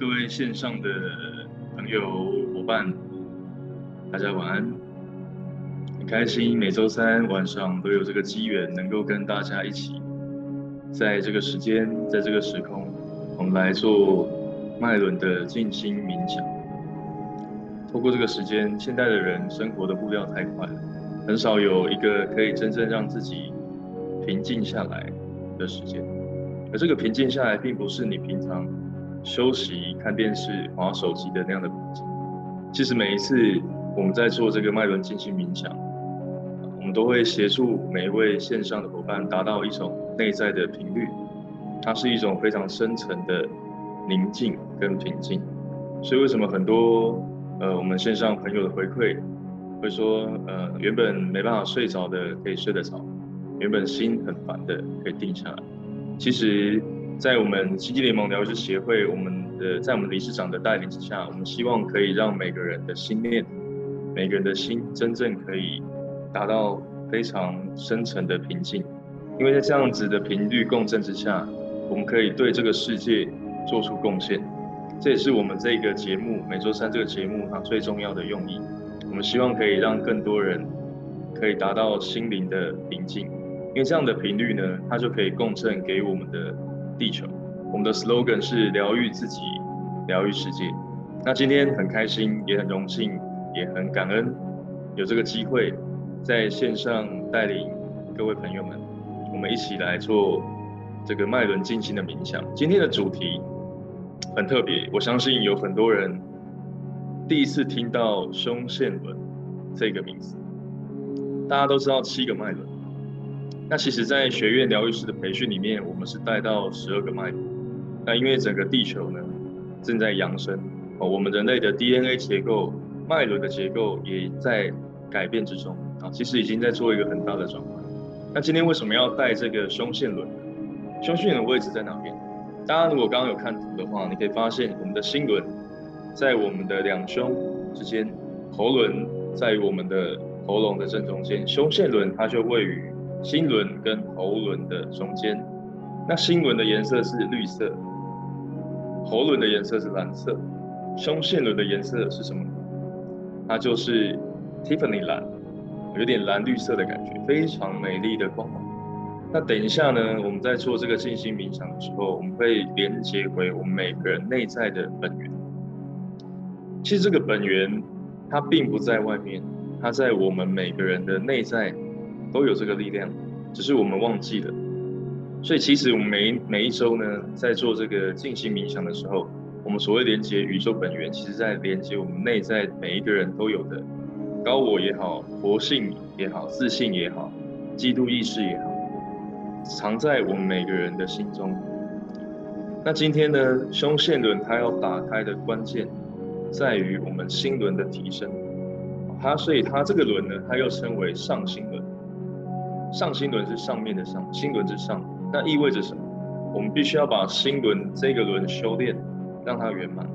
各位線上的朋友夥伴，大家晚安。很開心每周三晚上都有這個機緣，能夠跟大家一起，在這個時間，在這個時空，我們來做脈輪的靜心冥想。透過這個時間，現代的人生活的步調太快，很少有一個可以真正讓自己平靜下來的時間。而這個平靜下來，並不是你平常。休息、看電視、滑手機的那樣的背景，其實每一次我們在做這個脈輪靜心冥想，我們都會協助每一位線上的夥伴達到一種內在的頻率，它是一種非常深層的寧靜跟平靜。所以為什麼很多呃我們線上朋友的回饋會說，呃原本沒辦法睡着的可以睡得着，原本心很煩的可以定下來，其實。在我們星際聯盟療癒師協會，我們的在我們理事長的帶領之下，我們希望可以讓每個人的心念，每個人的心真正可以達到非常深層的平靜，因為在這樣子的頻率共振之下，我們可以對這個世界做出貢獻。這也是我們這個節目每周三這個節目它最重要的用意。我們希望可以讓更多人可以達到心靈的平靜，因為這樣的頻率呢，它就可以共振給我們的。地球，我們的 slogan 是療癒自己，療癒世界。那今天很開心，也很榮幸，也很感恩，有這個機會在線上帶領各位朋友們，我們一起來做這個脈輪靜心的冥想。今天的主題很特別，我相信有很多人第一次聽到胸腺輪這個名字，大家都知道七個脈輪。那其實，在學院療癒師的培訓裡面，我們是帶到十二個脈輪。那因為整個地球呢，正在揚升，哦，我們人類的 DNA 結構、脈輪的結構也在改變之中啊，其實已經在做一個很大的轉換。那今天為什麼要帶這個胸腺輪？胸腺輪的位置在哪邊？大家如果剛剛有看圖的話，你可以發現我們的心輪在我們的兩胸之間，喉輪在我們的喉嚨的正中間，胸腺輪它就位於心輪跟喉輪的中間，那心輪的顏色是綠色，喉輪的顏色是藍色，胸腺輪的顏色是什麼？它就是 Tiffany 藍，有點藍綠色的感覺，非常美麗的光芒。那等一下呢，我們在做這個靜心冥想的時候，我們會連接回我們每個人內在的本源。其實這個本源，它並不在外面，它在我們每個人的內在。都有這個力量，只是我們忘記了。所以其實我們每每一周呢，在做這個靜心冥想的時候，我們所謂連接宇宙本源，其實在連接我們內在每一個人都有的高我也好，佛性也好，自信也好，基督意識也好，藏在我們每個人的心中。那今天呢，胸腺輪它要打開的關鍵，在於我們心輪的提升。它所以它這個輪呢，它又稱為上心輪。上心輪是上面的上，心輪之上，那意味着什麼？我們必須要把心輪這個輪修煉，讓它圓滿。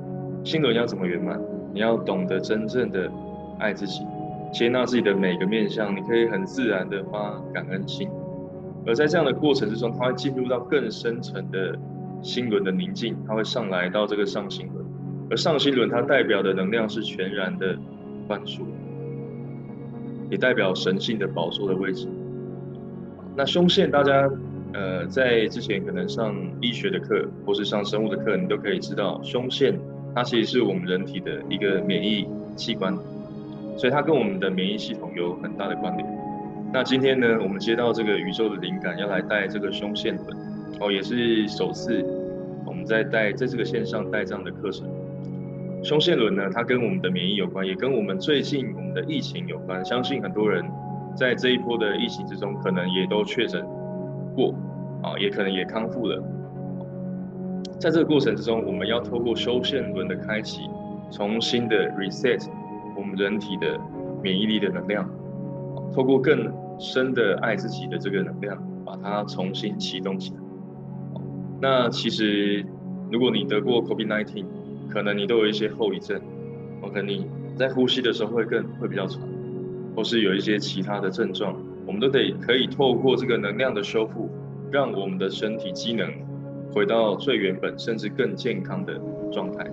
心輪要怎麼圓滿？你要懂得真正的愛自己，接納自己的每個面向，你可以很自然的發感恩心。而在這樣的過程之中，它會進入到更深層的心輪的寧靜，它會上來到這個上心輪。而上心輪它代表的能量是全然的寬恕，也代表神性的寶座的位置。那胸腺，大家，呃，在之前可能上醫學的課或是上生物的課，你都可以知道，胸腺它其實是我們人體的一個免疫器官，所以它跟我們的免疫系統有很大的關聯。那今天呢，我們接到這個宇宙的靈感，要來帶這個胸腺輪，哦，也是首次，我們在帶在這個線上帶這樣的課程。胸腺輪呢，它跟我們的免疫有關，也跟我們最近我們的疫情有關，相信很多人。在這一波的疫情之中，可能也都確診過，啊，也可能也康復了。在這個過程之中，我們要透過胸腺輪的開啟，重新的 reset 我們人體的免疫力的能量，透過更深的愛自己的這個能量，把它重新啟動起來。那其實，如果你得過 COVID-19，可能你都有一些後遺症，可能你在呼吸的時候會更會比較喘。或是有一些其他的症狀，我們都得可以透過這個能量的修復，讓我們的身體機能回到最原本甚至更健康的狀態。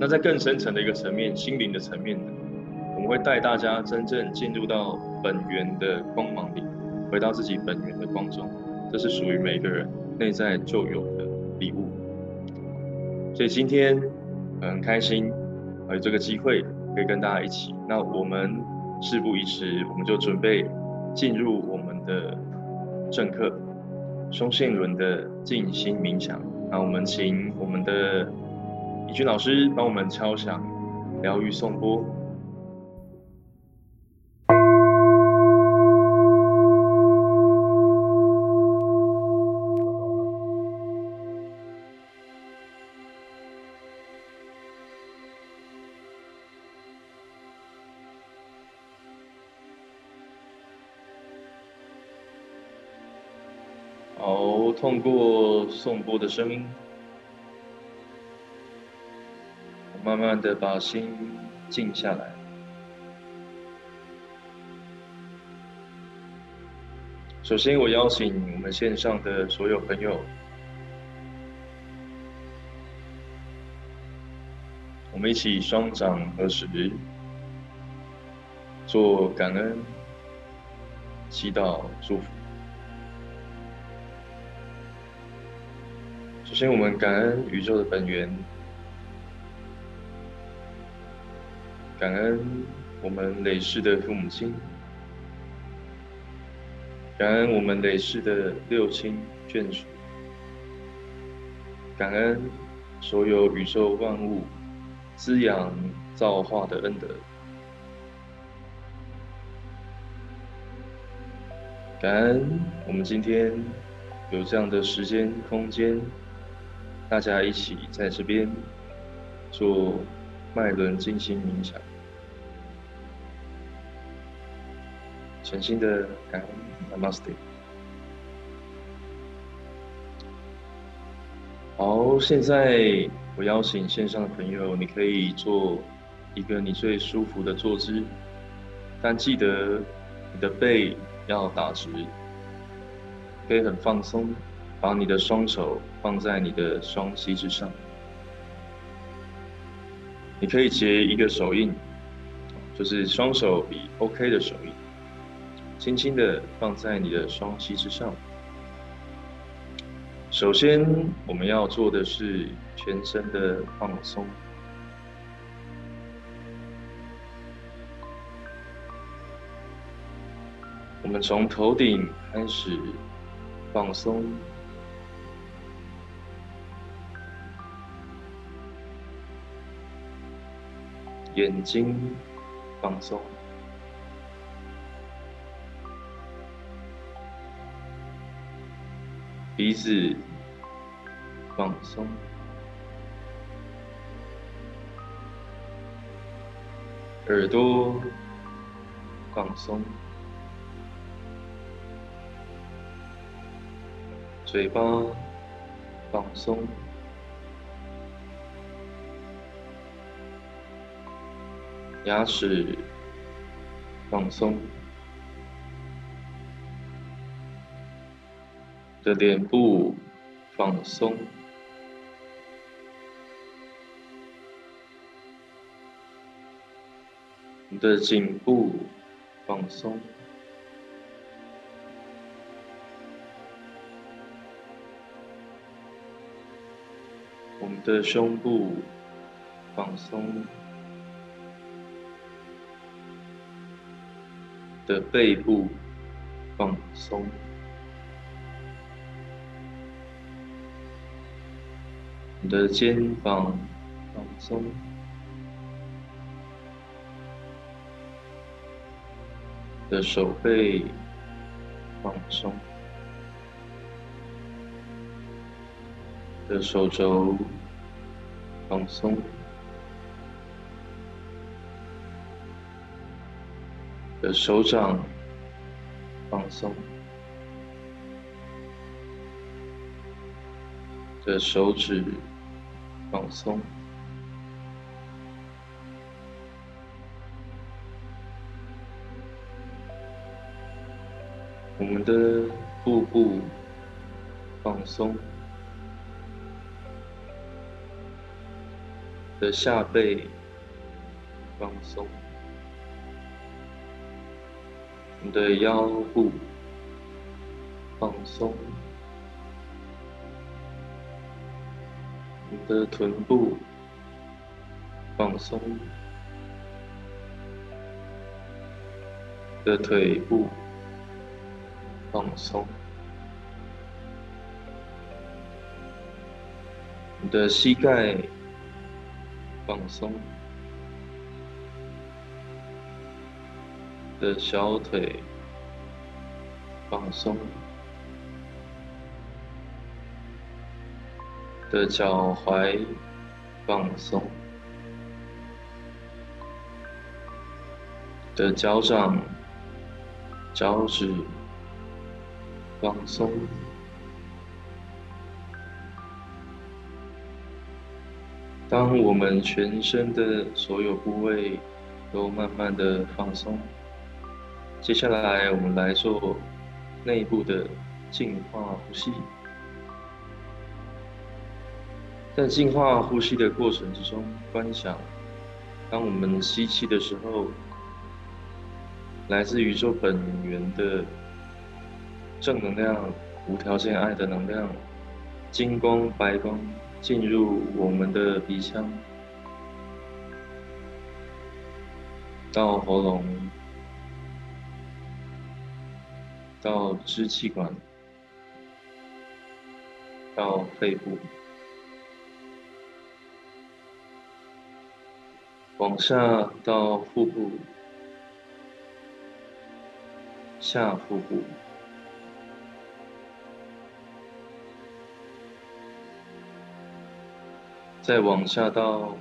那在更深層的一個層面，心靈的層面呢，我們會帶大家真正進入到本源的光芒裡，回到自己本源的光中，這是屬於每個人內在就有的禮物。所以今天很開心有這個機會可以跟大家一起，那我們。事不宜遲，我們就準備進入我們的正課——胸腺輪的靜心冥想。那我們請我們的李軍老師幫我們敲響療癒頌缽。頌缽的聲音，我慢慢的把心靜下來。首先，我邀請我們線上的所有朋友，我們一起雙掌合十，做感恩、祈禱、祝福。首先，我們感恩宇宙的本源，感恩我們累世的父母親，感恩我們累世的六親眷屬，感恩所有宇宙萬物滋養造化的恩德，感恩我們今天有這樣的時間空間。大家一起在這邊做脈輪靜心冥想，誠心的感恩，Namaste。好，現在我邀請線上的朋友，你可以做一個你最舒服的坐姿，但記得你的背要打直，可以很放鬆。把你的雙手放在你的雙膝之上，你可以結一個手印，就是雙手比 OK 的手印，輕輕的放在你的雙膝之上。首先，我們要做的是全身的放鬆。我們從頭頂開始放鬆。眼睛放鬆，鼻子放鬆，耳朵放鬆，嘴巴放鬆。牙齒放鬆，的臉部放鬆，你的頸部放鬆，我們的胸部放鬆。的背部放鬆，你的肩膀放鬆，你的手背放鬆，你的手肘放鬆。的手掌放鬆，的手指放鬆，我們的腹部放鬆，的下背放鬆。你的腰部放鬆，你的臀部放鬆，你的腿部放鬆，你的膝蓋放鬆。的小腿放鬆，的腳踝放鬆，的腳掌、腳趾放鬆。當我們全身的所有部位都慢慢的放鬆。接下來，我們來做內部的淨化呼吸。在淨化呼吸的過程之中，觀想：當我們吸氣的時候，來自宇宙本源的正能量、無條件愛的能量、金光白光進入我們的鼻腔，到喉嚨。到支氣管，到肺部，往下到腹部，下腹部，再往下到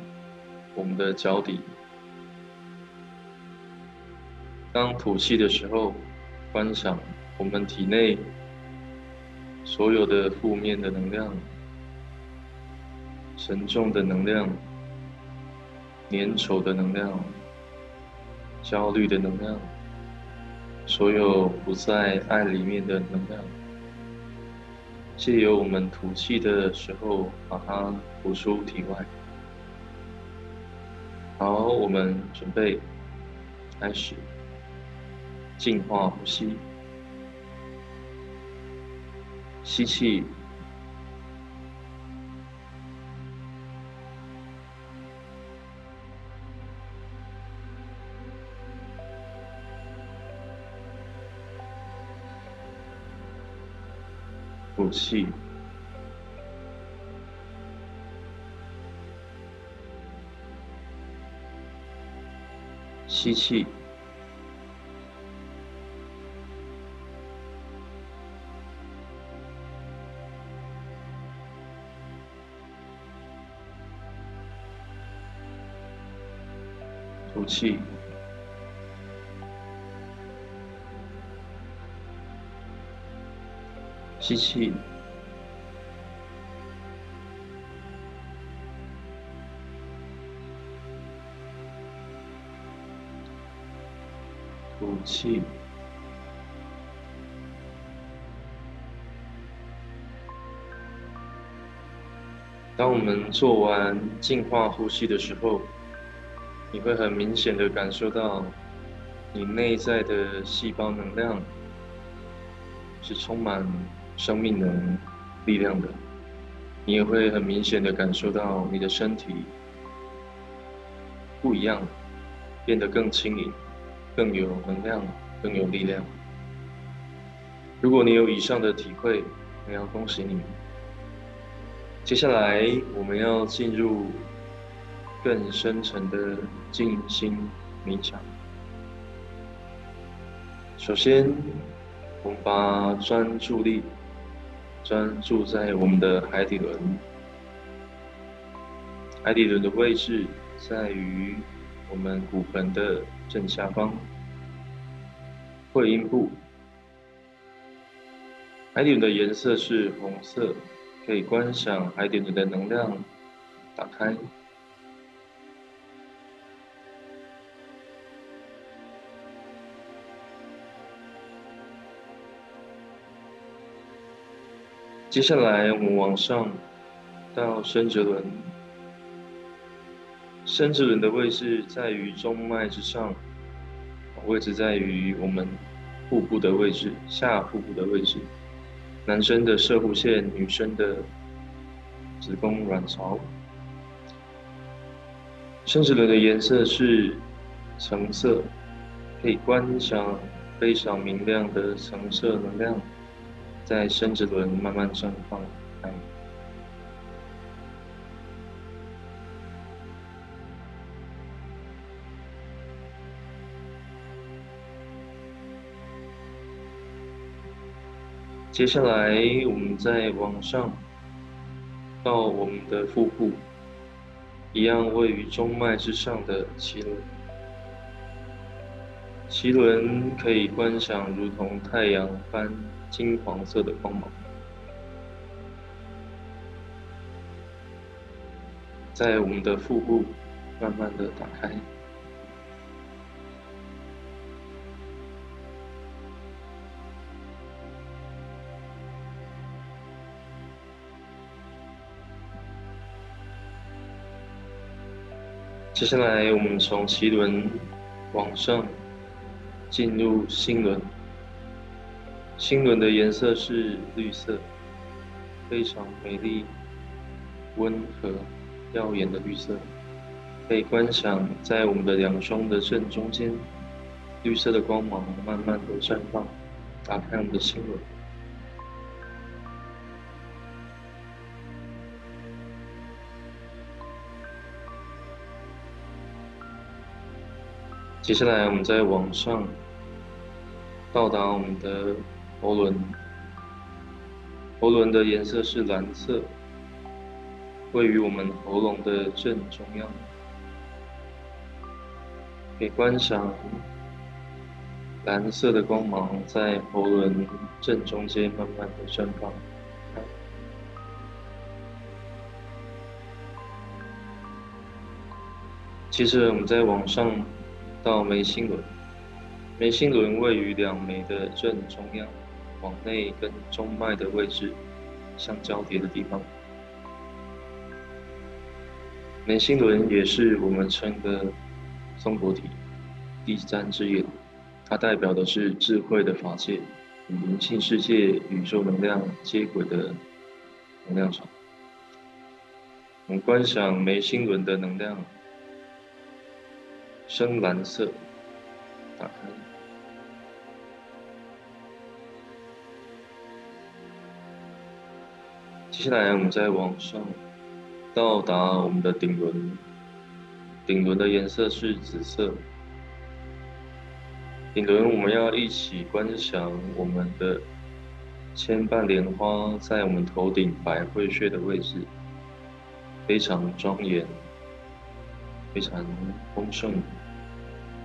我們的腳底。當吐氣的時候，觀想。我們體內所有的負面的能量、沉重的能量、粘稠的能量、焦慮的能量，所有不在愛裡面的能量，借由我們吐氣的時候把它吐出體外。好，我們準備開始淨化呼吸。吸氣，呼氣，吸氣。呼氣，吸氣，呼氣。當我們做完淨化呼吸的時候。你會很明顯的感受到，你內在的細胞能量是充滿生命能力量的，你也會很明顯的感受到你的身體不一樣了，變得更輕盈，更有能量，更有力量。如果你有以上的體會，我要恭喜你。接下來我們要進入更深層的。靜心冥想。首先，我們把專注力專注在我們的海底輪。海底輪的位置在於我們骨盆的正下方，會陰部。海底輪的顏色是紅色，可以觀想海底輪的能量打開。接下來我們往上到生殖輪，生殖輪的位置在於中脈之上，位置在於我們腹部的位置，下腹部的位置。男生的攝護腺，女生的子宮卵巢。生殖輪的顏色是橙色，可以觀賞非常明亮的橙色能量。在生殖輪慢慢綻放，接下來，我們再往上到我們的腹部，一樣位於中脈之上的臍輪。臍輪可以觀想如同太陽般，金黃色的光芒，在我們的腹部慢慢的打開。接下來，我們從臍輪往上進入心輪。心輪的顏色是綠色，非常美麗、溫和、耀眼的綠色，可以觀賞在我們的兩雙的正中間，綠色的光芒慢慢的綻放，打開我們的心輪。接下來，我們再往上到達我們的。喉輪，喉輪的顏色是藍色，位於我們喉嚨的正中央。可以觀賞藍色的光芒在喉輪正中間慢慢的綻放。接着我們再往上到眉心輪，眉心輪位於兩眉的正中央。往內跟中脈的位置相交疊的地方，眉心輪也是我們稱的松果體，第三隻眼，它代表的是智慧的法界與靈性世界宇宙能量接軌的能量場。我們觀想眉心輪的能量，深藍色，打開。接下來，我們再往上到達我們的頂輪。頂輪的顏色是紫色。頂輪，我們要一起觀想我們的千瓣蓮花在我們頭頂百會穴的位置，非常莊嚴，非常豐盛，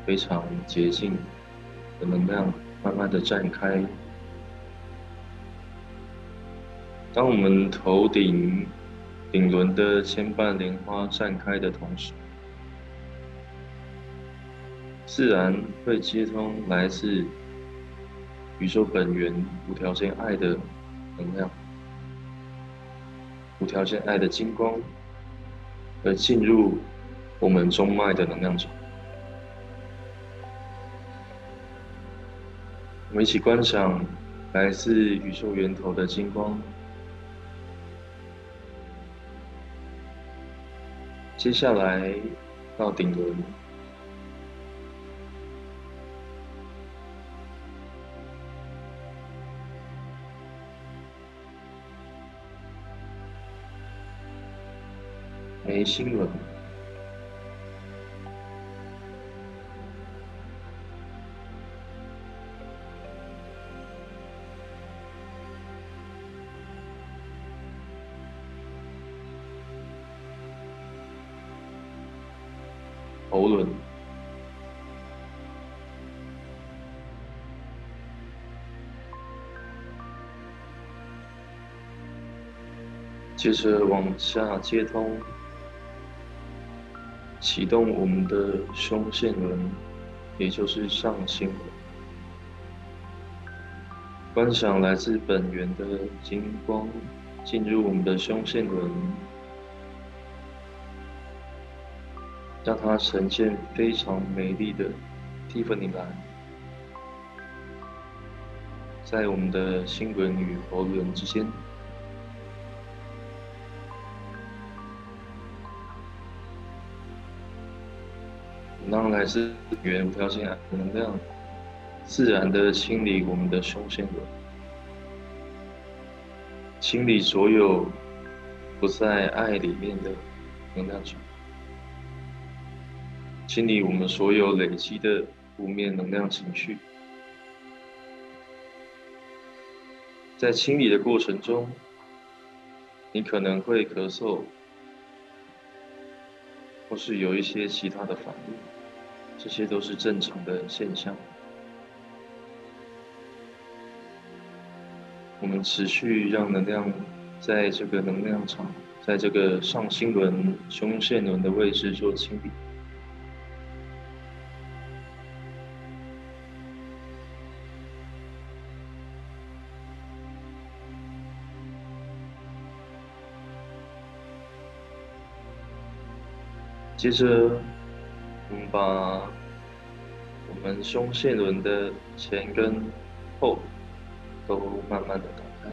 非常潔淨的能量，慢慢的綻開。當我們頭頂頂輪的千瓣蓮花綻開的同時，自然會接通來自宇宙本源無條件愛的能量，無條件愛的金光，而進入我們中脈的能量場。我們一起觀賞來自宇宙源頭的金光。接下來到頂輪，眉心輪。接着往下接通，啟動我們的胸腺輪，也就是上心輪，觀想來自本源的金光進入我們的胸腺輪，讓它呈現非常美麗的蒂芙尼藍，在我們的心輪與喉輪之間。當來自源無條件能量，自然的清理我們的胸腺輪，清理所有不在愛裡面的能量場，清理我們所有累積的負面能量情緒。在清理的過程中，你可能會咳嗽，或是有一些其他的反應。這些都是正常的現象。我們持續讓能量在這個能量場，在這個上心輪、胸腺輪的位置做清理。接着。我們把我們胸腺輪的前跟後都慢慢的打開，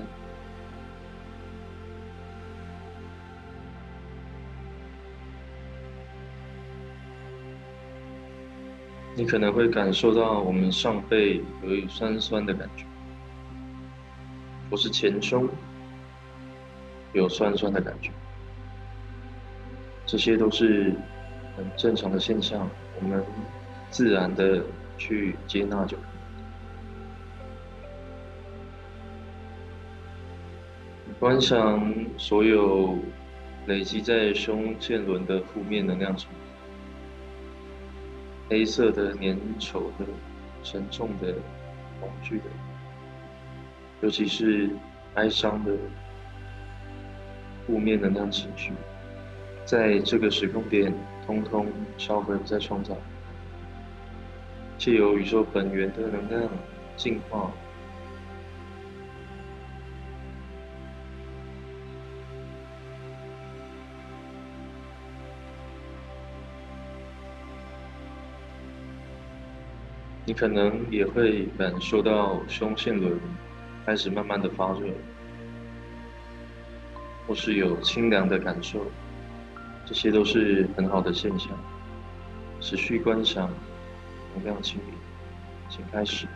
你可能會感受到我們上背有一酸酸的感覺，或是前胸有酸酸的感覺，這些都是。很正常的現象，我們自然的去接納就可以。觀想所有累積在胸腺輪的負面能量場，黑色的、粘稠的、沉重的、恐懼的，尤其是哀傷的負面能量情緒，在這個時空點。通通銷毀，不再創造。借由宇宙本源的能量進化，你可能也會感受到胸腺輪開始慢慢的發熱，或是有清涼的感受。這些都是很好的現象。持續觀想，能量清理，請開始。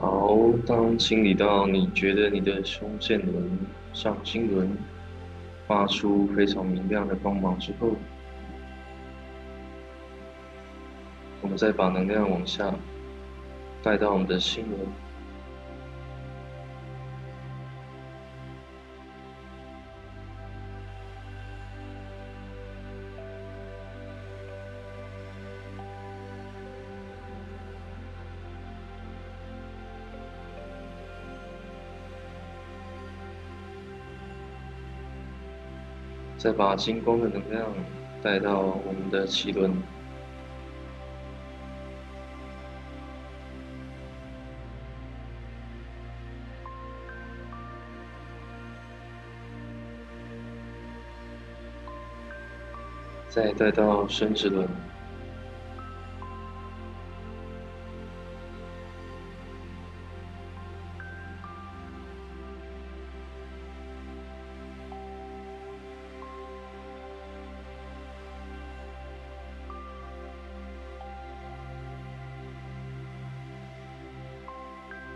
好，當清理到你覺得你的胸腺輪、上心輪發出非常明亮的光芒之後，我們再把能量往下帶到我們的心輪。再把金光的能量帶到我們的臍輪，再帶到生殖輪。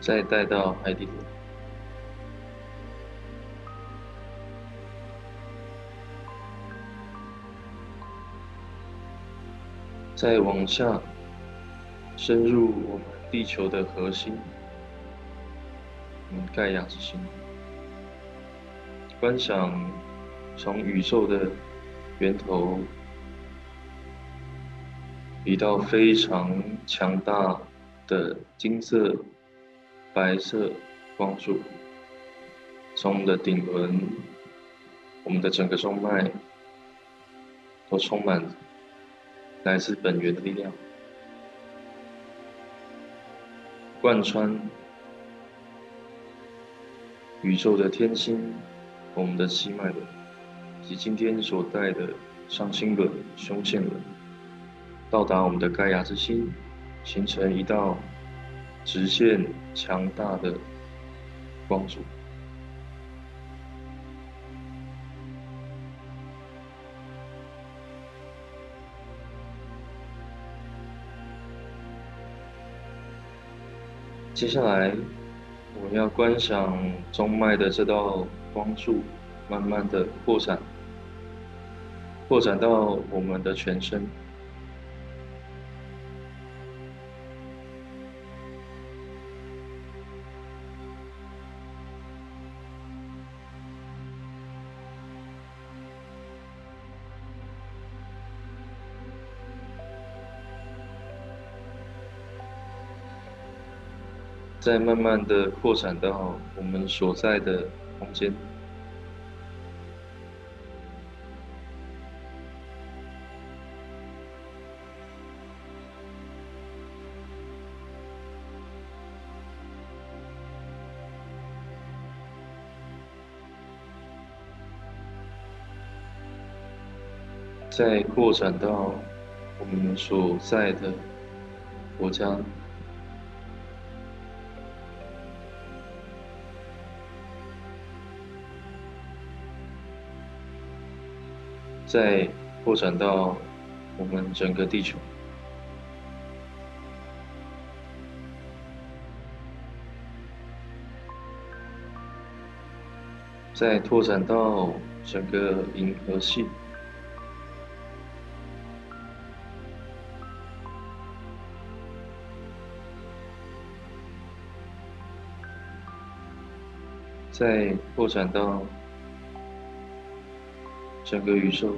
再帶到海底，再往下深入我們地球的核心，我們蓋亞之心，觀想從宇宙的源頭一道非常強大的金色。白色光束從我們的頂輪，我們的整個中脈都充滿來自本源的力量，貫穿宇宙的天星，我們的七脈輪及今天所帶的上心輪、胸腺輪，到達我們的蓋亞之心，形成一道。直線強大的光束。接下來，我要觀想中脈的這道光束，慢慢的擴展，擴展到我們的全身。再慢慢的擴展到我們所在的空間，再擴展到我們所在的國家。再拓展到我們整個地球，再拓展到整個銀河系，再拓展到。整個宇宙。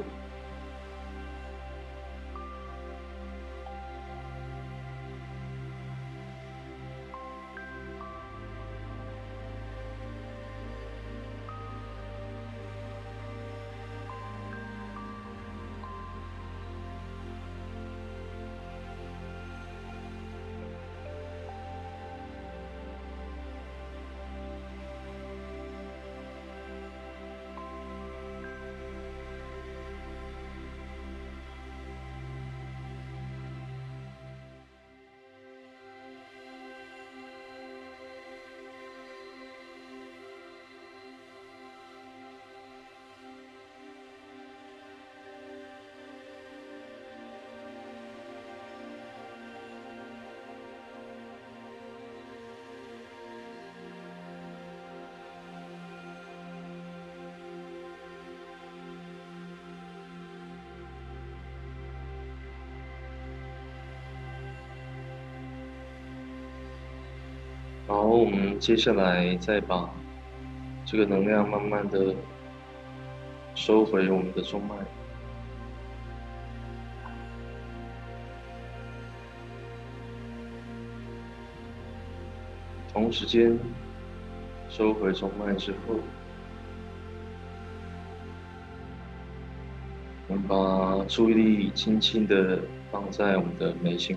好，然後我們接下來再把這個能量慢慢的收回我們的中脈。同時間收回中脈之後，我們把注意力輕輕的放在我們的眉心。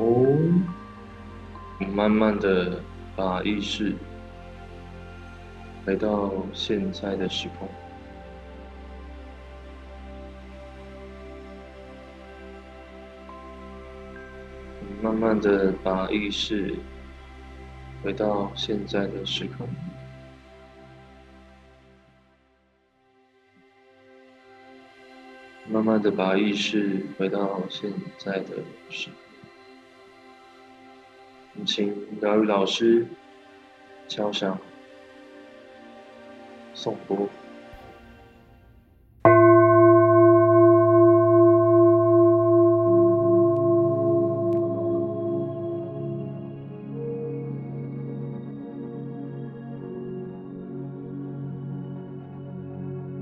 哦，慢慢的把意識回到現在的時空。慢慢的把意識回到現在的時空。慢慢的把意識回到現在的時空。請療癒老師敲響頌缽。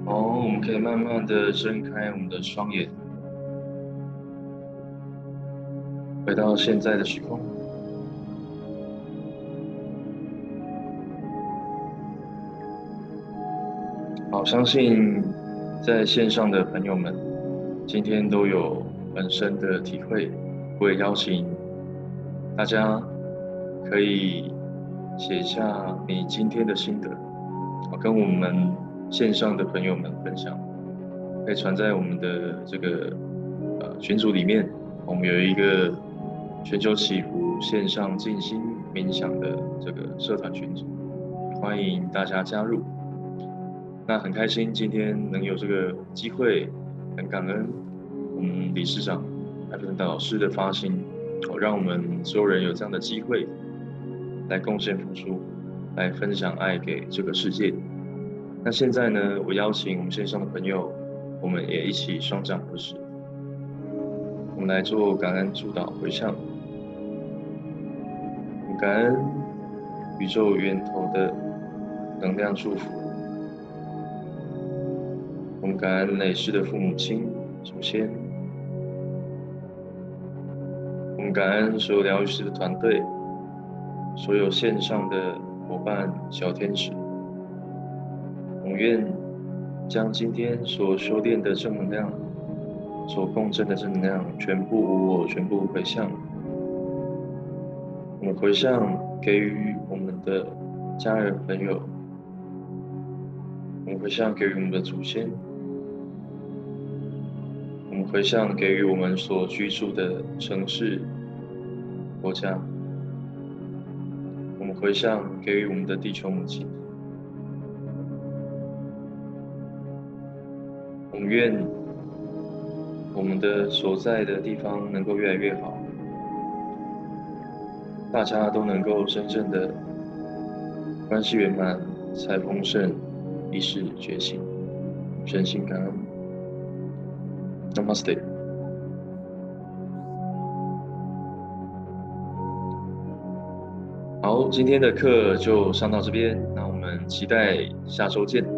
哦，我們可以慢慢的睜開我們的雙眼，回到現在的時空。相信在線上的朋友們今天都有很深的體會。我也邀請大家可以寫下你今天的心得，跟我們線上的朋友們分享。可以傳在我們的這個呃群組裡面，我們有一個全球祈福線上靜心冥想的這個社團群組，歡迎大家加入。那很開心今天能有這個機會，很感恩，我們理事長、艾菲坦導師的發心，哦，讓我們所有人有這樣的機會，來貢獻付出，來分享愛給這個世界。那現在呢，我邀請我們線上的朋友，我們也一起雙掌合十，我們來做感恩祝禱回向，感恩宇宙源頭的能量祝福。我們感恩累世的父母親、祖先，我們感恩所有療癒師的團隊，所有線上的夥伴小天使。我們願將今天所修煉的正能量，所共振的正能量，全部無我，全部回向。我們回向給予我們的家人朋友，我們回向給予我們的祖先。迴向給予我們所居住的城市、國家。我們迴向給予我們的地球母親。我們願我們的所在的地方能夠越來越好，大家都能夠真正的關係圓滿、財豐盛、意識覺醒、身心感恩。Namaste。好，今天的課就上到這邊，那我們期待下周見。